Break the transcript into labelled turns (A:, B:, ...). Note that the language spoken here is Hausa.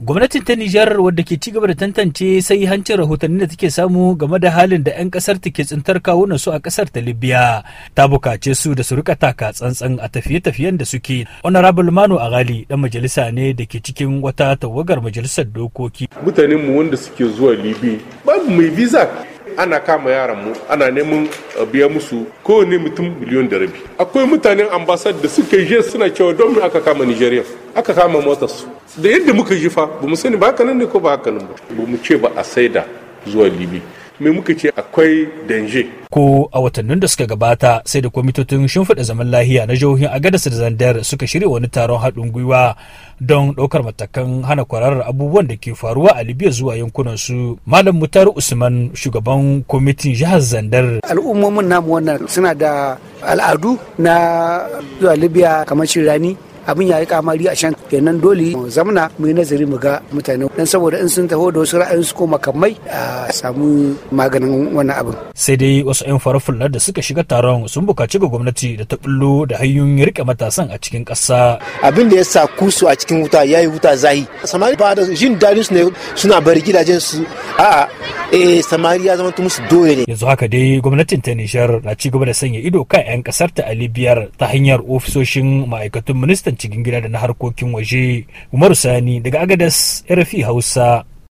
A: Gwamnatin ta Nijar wadda ke cigaba da tantance sai hancin rahotanni da take samu game da halin da 'yan kasar ta ke tsintar kawunan su a kasar ta Libya ta bukace su da su rika taka tsantsan a tafiye-tafiyen da suke. Honorable Manu gali dan majalisa ne da ke cikin wata tawagar majalisar dokoki.
B: mutanenmu wanda suke zuwa Libya babu mai visa ana kama yaran mu ana neman biya musu kowane mutum miliyon da rabi akwai mutanen ambasad da suka je suna cewa don aka kama nigeria aka kama su da yadda muka ji fa ba mu sani ba haka nan ne ko ba haka nan ba ba mu ce ba a saida zuwa libi me muka ce
A: akwai danje. Ko a watannin da suka gabata sai da kwamitocin shimfiɗa zaman lahiya na jihohin Agadas da Zandar suka shirya wani taron haɗin gwiwa don ɗaukar matakan hana kwararar abubuwan da ke faruwa a libiya zuwa yankunan su. Malam Mutar Usman shugaban kwamitin jihar Zandar.
C: Al'ummomin namu wannan suna da al'adu na zuwa libiya kamar shirani abin ya yi kamari a shan kenan dole mu zamna mu yi nazari mu ga mutane dan saboda in sun taho da wasu ra'ayin su ko makamai a samu maganin wannan abin
A: sai dai wasu yan farfulla da suka shiga taron sun bukaci ga gwamnati da ta bullo da hanyoyin rike matasan a cikin ƙasa
D: abin da ya sa kusu a cikin wuta yayi wuta zahi samari ba da jin dadin su ne suna bari gidajen su a'a eh samariya zama tun musu
A: dole ne yanzu haka dai gwamnatin ta nishar na ci gaba da sanya ido kan yan kasar ta a libiyar ta hanyar ofisoshin ma'aikatun ministan cikin gida da na harkokin waje umaru sani daga agadas rfi hausa